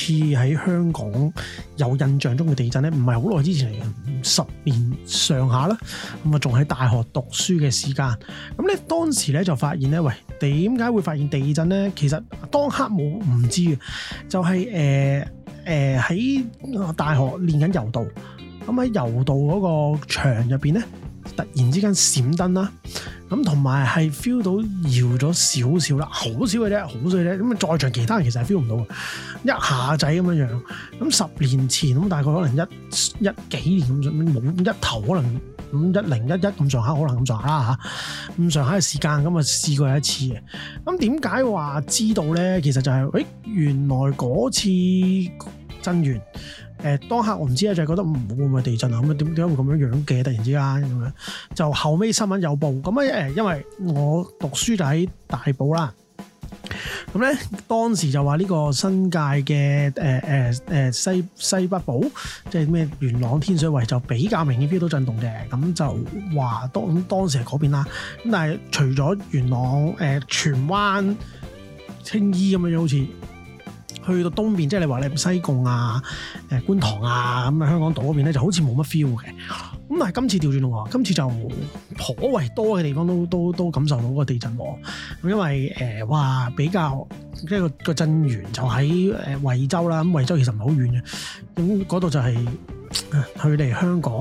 似喺香港有印象中嘅地震咧，唔係好耐之前，嚟，十年上下啦。咁啊，仲喺大學讀書嘅時間。咁咧當時咧就發現咧，喂，點解會發現地震咧？其實當刻冇唔知嘅，就係誒誒喺大學練緊柔道，咁喺柔道嗰個場入邊咧，突然之間閃燈啦。咁同埋係 feel 到搖咗少少啦，好少嘅啫，好少嘅啫。咁啊，在場其他人其實係 feel 唔到嘅，一下仔咁樣樣。咁十年前咁，大概可能一一幾年咁樣，冇一頭可能五一零一一咁上下，可能咁上下啦吓。咁上下嘅時間咁啊，就試過一次嘅。咁點解話知道咧？其實就係、是、喂原來嗰次震源。誒、呃、當刻我唔知啊，就係覺得唔、嗯、會唔會地震啊咁啊，點點解會咁樣樣嘅？突然之間咁樣，就後尾新聞有報咁啊誒，因為我讀書就喺大埔啦，咁咧當時就話呢個新界嘅誒誒誒西西北部即係咩元朗天水圍就比較明顯 feel 到震動嘅，咁就話當咁當時係嗰邊啦。咁但係除咗元朗誒荃、呃、灣、青衣咁樣樣好似。去到東邊，即係你話你西貢啊、誒觀塘啊咁啊，香港島嗰邊咧就好似冇乜 feel 嘅。咁啊，今次調轉咯喎，今次就頗為多嘅地方都都都感受到個地震喎。因為誒、呃，哇，比較即係個個震源就喺誒惠州啦，咁惠州其實唔係好遠嘅。咁嗰度就係佢離香港，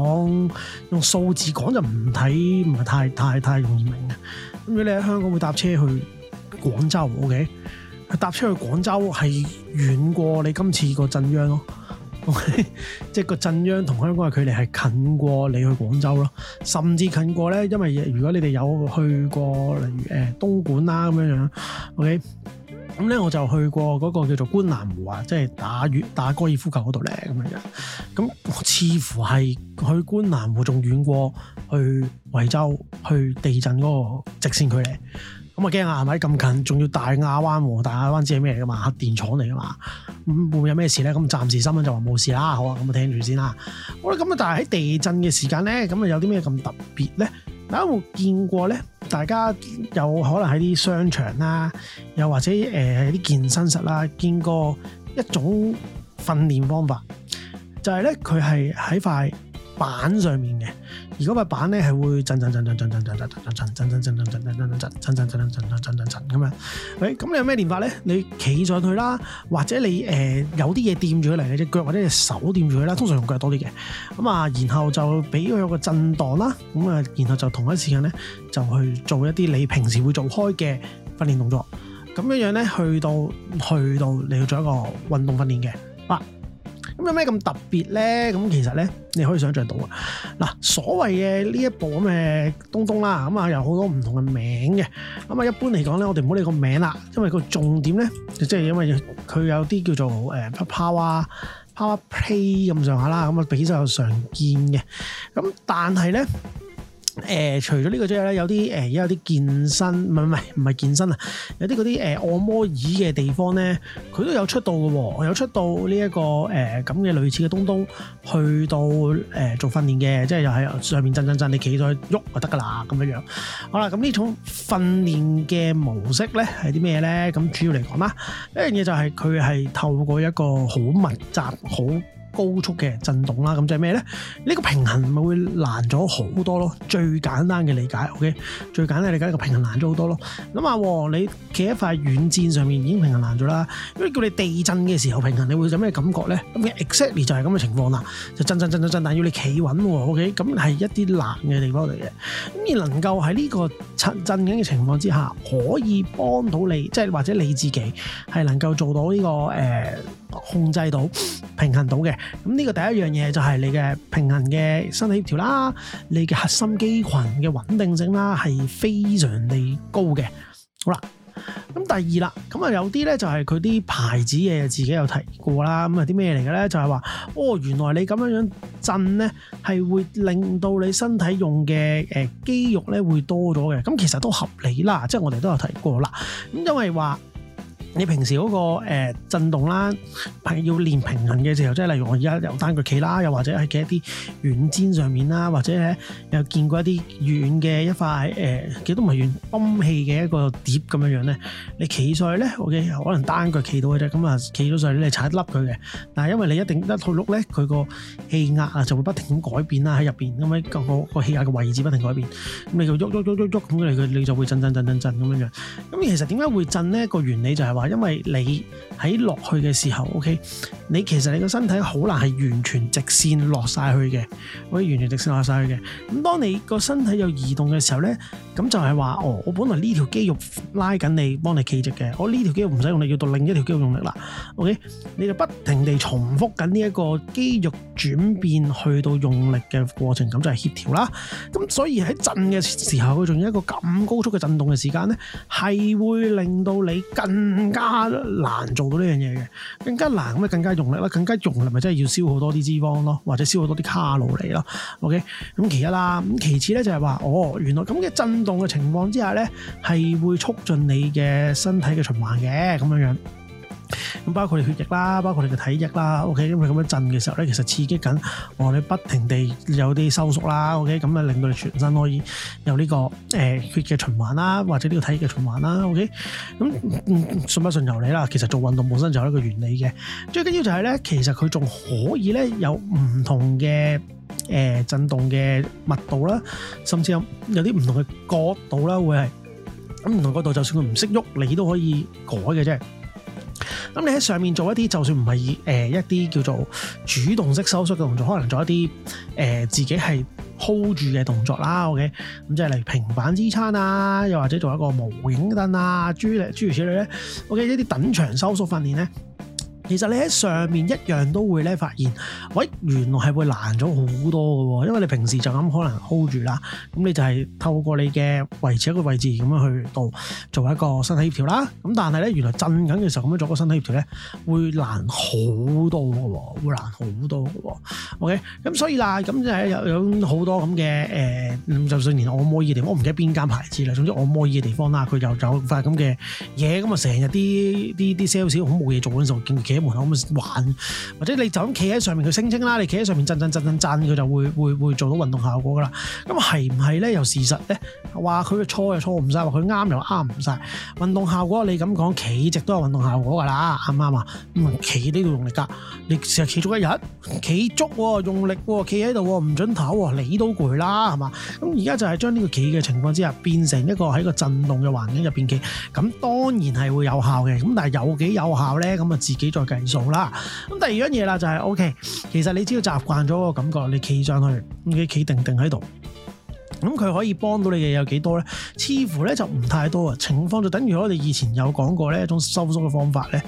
用數字講就唔睇，唔係太太太容易明嘅。如果你喺香港會搭車去廣州，OK？搭車去廣州係遠過你今次個震央咯，即係個震央同香港嘅距離係近過你去廣州咯，甚至近過咧，因為如果你哋有去過例如誒東莞啦咁樣樣，OK，咁咧我就去過嗰個叫做觀瀾湖啊，即係打粵打高爾夫球嗰度咧咁樣樣，咁似乎係去觀瀾湖仲遠過去惠州去地震嗰個直線距離。咁啊驚啊，係咪咁近？仲要大亞灣喎？大亞灣知係咩嚟噶嘛？核電廠嚟噶嘛？會唔會有咩事咧？咁暫時新聞就話冇事啦，好啊，咁啊聽住先啦。好啦，咁啊，但係喺地震嘅時間咧，咁啊有啲咩咁特別咧？大家有冇見過咧？大家有可能喺啲商場啦，又或者誒啲、呃、健身室啦，見過一種訓練方法，就係咧佢係喺塊板上面嘅，而嗰個板咧係會震震震震震震震震震震震震震震震震震震震震震震震咁樣，誒咁你有咩練法咧？你企上去啦，或者你誒有啲嘢掂住佢嚟，你隻腳或者隻手掂住佢啦，通常用腳多啲嘅。咁啊，然後就俾佢有個震盪啦，咁啊，然後就同一時間咧就去做一啲你平時會做開嘅訓練動作，咁樣樣咧去到去到你去做一個運動訓練嘅，好咁有咩咁特別咧？咁其實咧，你可以想像到啊。嗱，所謂嘅呢一部咁嘅、嗯、東東啦，咁啊有好多唔同嘅名嘅。咁啊一般嚟講咧，我哋唔好理個名啦，因為個重點咧，就即、係、係因為佢有啲叫做誒 Power 啊、Power, Power Play 咁上下啦。咁啊，比較常見嘅。咁但係咧。誒、呃、除咗呢個之外咧，有啲誒而家有啲健身，唔係唔係唔係健身啊，有啲嗰啲誒按摩椅嘅地方咧，佢都有出到嘅喎，有出到呢一個誒咁嘅類似嘅東東，去到誒、呃、做訓練嘅，即係又喺上面震震震，你企在喐就得㗎啦咁樣樣。好啦，咁呢種訓練嘅模式咧係啲咩咧？咁主要嚟講啦，一樣嘢就係佢係透過一個好密集好，好高速嘅震動啦，咁就係咩咧？呢個平衡咪會難咗好多咯。最簡單嘅理解，OK，最簡單嘅理解，呢個平衡難咗好多咯。諗下，你企喺塊軟墊上面已經平衡難咗啦。因為叫你地震嘅時候平衡，你會有咩感覺咧？咁嘅 exactly 就係咁嘅情況啦，就震震震震震，但要你企穩喎，OK，咁係一啲難嘅地方嚟嘅。咁你能夠喺呢個震緊嘅情況之下，可以幫到你，即係或者你自己係能夠做到呢、這個誒。呃控制到平衡到嘅，咁呢個第一樣嘢就係你嘅平衡嘅身體協調啦，你嘅核心肌群嘅穩定性啦係非常地高嘅。好啦，咁第二啦，咁啊有啲咧就係佢啲牌子嘢自己有提過啦，咁啊啲咩嚟嘅咧就係話，哦原來你咁樣樣震咧係會令到你身體用嘅誒肌肉咧會多咗嘅，咁其實都合理啦，即係我哋都有提過啦，咁因為話。你平時嗰，那個，欸，震動動啦，係要練平衡嘅時候，即係例如我而家由單腳企啦，又或者係企一啲軟墊上面啦，或者咧又見過一啲軟嘅一塊誒，欸，幾都唔係軟氫氣嘅一個碟咁樣樣咧。你企上去咧，OK，可能單腳企到嘅啫，咁啊企到上去你踩一粒佢嘅。但係因為你一定一套碌咧，佢個氣壓啊就會不停咁改變啦，喺入面咁喺個個氣壓嘅位置不停改變，咁你就喐喐喐喐喐咁，你你就會震震震震震咁樣樣。咁其實點解會震呢？個原理就係話。因為你喺落去嘅時候，OK，你其實你個身體好難係完全直線落晒去嘅，可、OK，以完全直線落晒去嘅。咁當你個身體有移動嘅時候呢，咁就係話，哦，我本來呢條肌肉拉緊你，幫你企直嘅，我呢條肌肉唔使用，用力，要到另一條肌肉用力啦。OK，你就不停地重複緊呢一個肌肉轉變去到用力嘅過程，咁就係協調啦。咁所以喺震嘅時候，佢仲有一個咁高速嘅震動嘅時間呢，係會令到你更。更加難做到呢樣嘢嘅，更加難咁咪更加用力啦，更加用力咪真係要消耗多啲脂肪咯，或者消耗多啲卡路里咯。OK，咁其一啦，咁其次呢，就是，就係話哦，原來咁嘅震動嘅情況之下呢，係會促進你嘅身體嘅循環嘅咁樣樣。咁包括你血液啦，包括你嘅體液啦。O K，咁佢咁樣震嘅時候咧，其實刺激緊你不停地有啲收縮啦。O K，咁啊令到你全身可以有呢個誒血嘅循環啦，或者呢個體液嘅循環啦。O K，咁信不信由你啦。其實做運動本身就有一個原理嘅，最緊要就係咧，其實佢仲可以咧有唔同嘅誒震動嘅密度啦，甚至有有啲唔同嘅角度啦，會係咁唔同角度，就算佢唔識喐，你都可以改嘅啫。咁你喺上面做一啲，就算唔係、呃、一啲叫做主動式收縮嘅動作，可能做一啲、呃、自己係 hold 住嘅動作啦。OK，咁即係例如平板支撐啊，又或者做一個無影凳啊，諸、諸如此類咧。OK，一啲等長收縮訓練咧。其實你喺上面一樣都會咧，發現，喂，原來係會難咗好多㗎喎，因為你平時就咁可能 hold 住啦，咁你就係透過你嘅維持一個位置咁樣去到做一個身體協調啦，咁但係咧原來震緊嘅時候咁樣做個身體協調咧，會難好多㗎喎，會難好多㗎喎，OK，咁所以啦，咁就係有有好多咁嘅誒，就算連按摩椅地方，我唔記得邊間牌子啦，總之按摩椅嘅地方啦，佢就有塊咁嘅嘢，咁啊成日啲啲啲 sales 好冇嘢做嗰陣時，見企。門口咁，還或者你就咁企喺上面，佢聲稱啦，你企喺上面震震震震震，佢就會會會做到運動效果噶啦。咁係唔係咧？又事實咧？話佢嘅錯又錯唔晒，話佢啱又啱唔晒。運動效果你咁講，企直都有運動效果噶啦，啱唔啱啊？咁、嗯、啊，企呢度用力噶，你成日企足一日，企足用力，企喺度唔准唞，你都攰啦，係嘛？咁而家就係將呢個企嘅情況之下，變成一個喺個震動嘅環境入邊企，咁當然係會有效嘅。咁但係有幾有效咧？咁啊自己再計數啦，咁第二樣嘢啦就係 O K，其實你只要習慣咗個感覺，你企上去，你企定定喺度，咁佢可以幫到你嘅有幾多咧？似乎咧就唔太多啊。情況就等於我哋以前有講過呢一種收縮嘅方法咧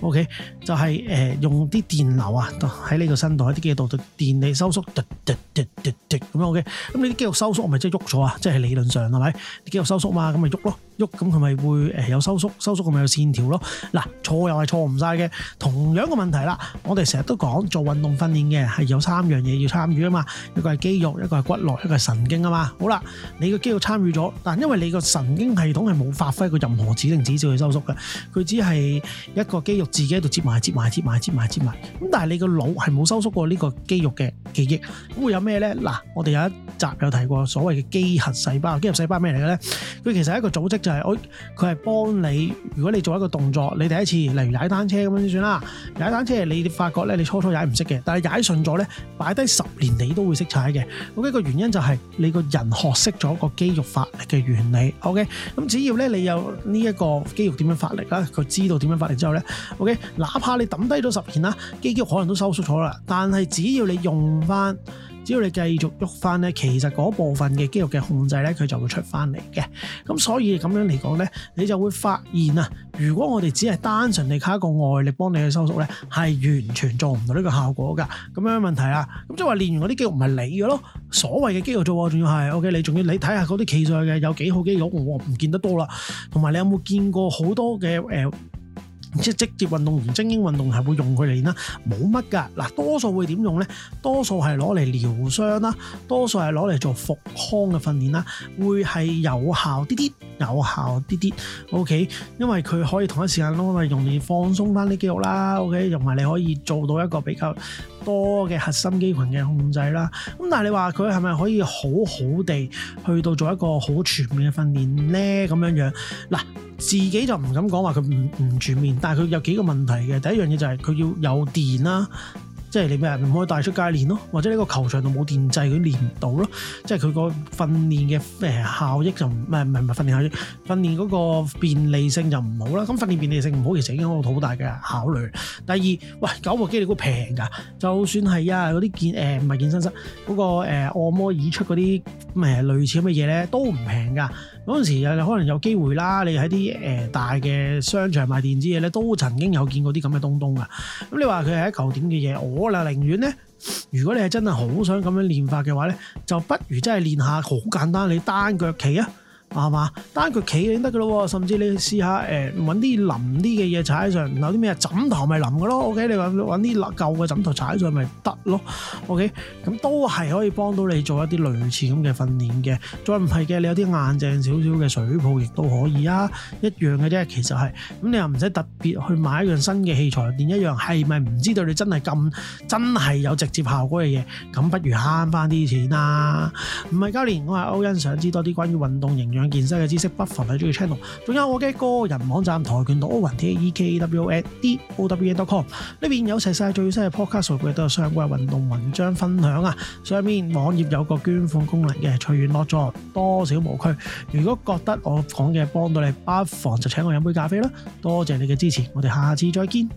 ，O K 就係誒，用啲電流啊喺呢個身度，喺啲肌肉度電力收縮，滴滴滴滴滴。咁樣 O K，咁你啲肌肉收縮咪即係喐咗啊？即係理論上係咪？你肌肉收縮嘛，咁咪喐咯。喐咁佢咪會有收縮，收縮咁咪有線條咯。嗱、啊、錯又係錯唔晒嘅，同樣個問題啦。我哋成日都講做運動訓練嘅係有三樣嘢要參與啊嘛，一個係肌肉，一個係骨骼，一個係神經啊嘛。好啦，你個肌肉參與咗，但因為你個神經系統係冇發揮過任何指令指示去收縮嘅，佢只係一個肌肉自己喺度接埋接埋接埋接埋接埋。咁但係你個腦係冇收縮過呢個肌肉嘅記憶，咁會有咩呢？嗱、啊，我哋有一集有提過所謂嘅肌核細胞，肌核細胞咩嚟嘅呢？佢其實係一個組織。就係我佢係幫你，如果你做一個動作，你第一次，例如踩單車咁樣先算啦，踩單車你發覺咧，你初初踩唔識嘅，但係踩順咗咧，擺低十年你都會識踩嘅。OK，個原因就係、是、你個人學識咗個肌肉發力嘅原理。OK，咁只要咧你有呢一個肌肉點樣發力啦，佢知道點樣發力之後咧，OK，哪怕你抌低咗十年啦，肌，肌肉可能都收縮咗啦，但係只要你用翻。只要你繼續喐翻咧，其實嗰部分嘅肌肉嘅控制咧，佢就會出翻嚟嘅。咁所以咁樣嚟講咧，你就會發現啊，如果我哋只係單純地靠一個外力幫你去收縮咧，係完全做唔到呢個效果噶。咁樣問題啊，咁即係話練完嗰啲肌肉唔係你嘅咯，所謂嘅肌肉做啊，仲要係 OK，你仲要你睇下嗰啲器材嘅有幾好，肌肉我唔見得多啦。同埋你有冇見過好多嘅誒？即係職業運動員、精英運動係會用佢嚟啦，冇乜噶。嗱，多數會點用呢？多數係攞嚟療傷啦，多數係攞嚟做復康嘅訓練啦，會係有效啲啲，有效啲啲。OK，因為佢可以同一時間攞嚟容易放鬆翻啲肌肉啦。OK，同埋你可以做到一個比較多嘅核心肌群嘅控制啦。咁但係你話佢係咪可以好好地去到做一個好全面嘅訓練呢？咁樣樣嗱。自己就唔敢講話佢唔唔全面，但係佢有幾個問題嘅。第一樣嘢就係佢要有電啦，即係你咩唔可以帶出街練咯，或者呢個球場度冇電掣，佢練唔到咯。即係佢個訓練嘅、呃、效益就唔，唔係唔係訓練效益，訓練嗰個便利性就唔好啦。咁訓練便利性唔好，其實已經好好大嘅考慮。第二，喂，九部機你估平㗎，就算係啊，嗰啲健唔係健身室嗰、嗰個、呃、按摩椅出嗰啲類似咁嘅嘢咧，都唔平㗎。嗰陣時可能有機會啦。你喺啲、呃、大嘅商場賣電子嘢咧，都曾經有見過啲咁嘅東東噶。咁你話佢係一球點嘅嘢，我喇，寧願呢。如果你係真係好想咁樣練法嘅話呢，就不如真係練下。好簡單，你單腳企啊！係嘛？單腳企先得噶咯，甚至你試下誒揾啲腍啲嘅嘢踩喺上，有啲咩枕頭咪腍嘅咯。OK，你揾揾啲舊嘅枕頭踩上去咪得咯。OK，咁都係可以幫到你做一啲類似咁嘅訓練嘅。再唔係嘅，你有啲硬淨少少嘅水泡亦都可以啊，一樣嘅啫。其實係咁，你又唔使特別去買一樣新嘅器材練一樣，係咪唔知道你真係咁真係有直接效果嘅嘢？咁不如慳翻啲錢啦。唔係教練，我係歐欣，想知多啲關於運動營養最新嘅知識，不妨喺呢個 channel，仲有我嘅個人網站跆拳道 Owen T A E K W O N D O W E N dot com，呢邊有齊晒最新嘅 podcast 數據，都有相關運動文章分享啊！上面網頁有個捐款功能嘅，隨緣樂助，多少無拘。如果覺得我講嘅幫到你，不妨就請我飲杯咖啡啦！多謝你嘅支持，我哋下次再見。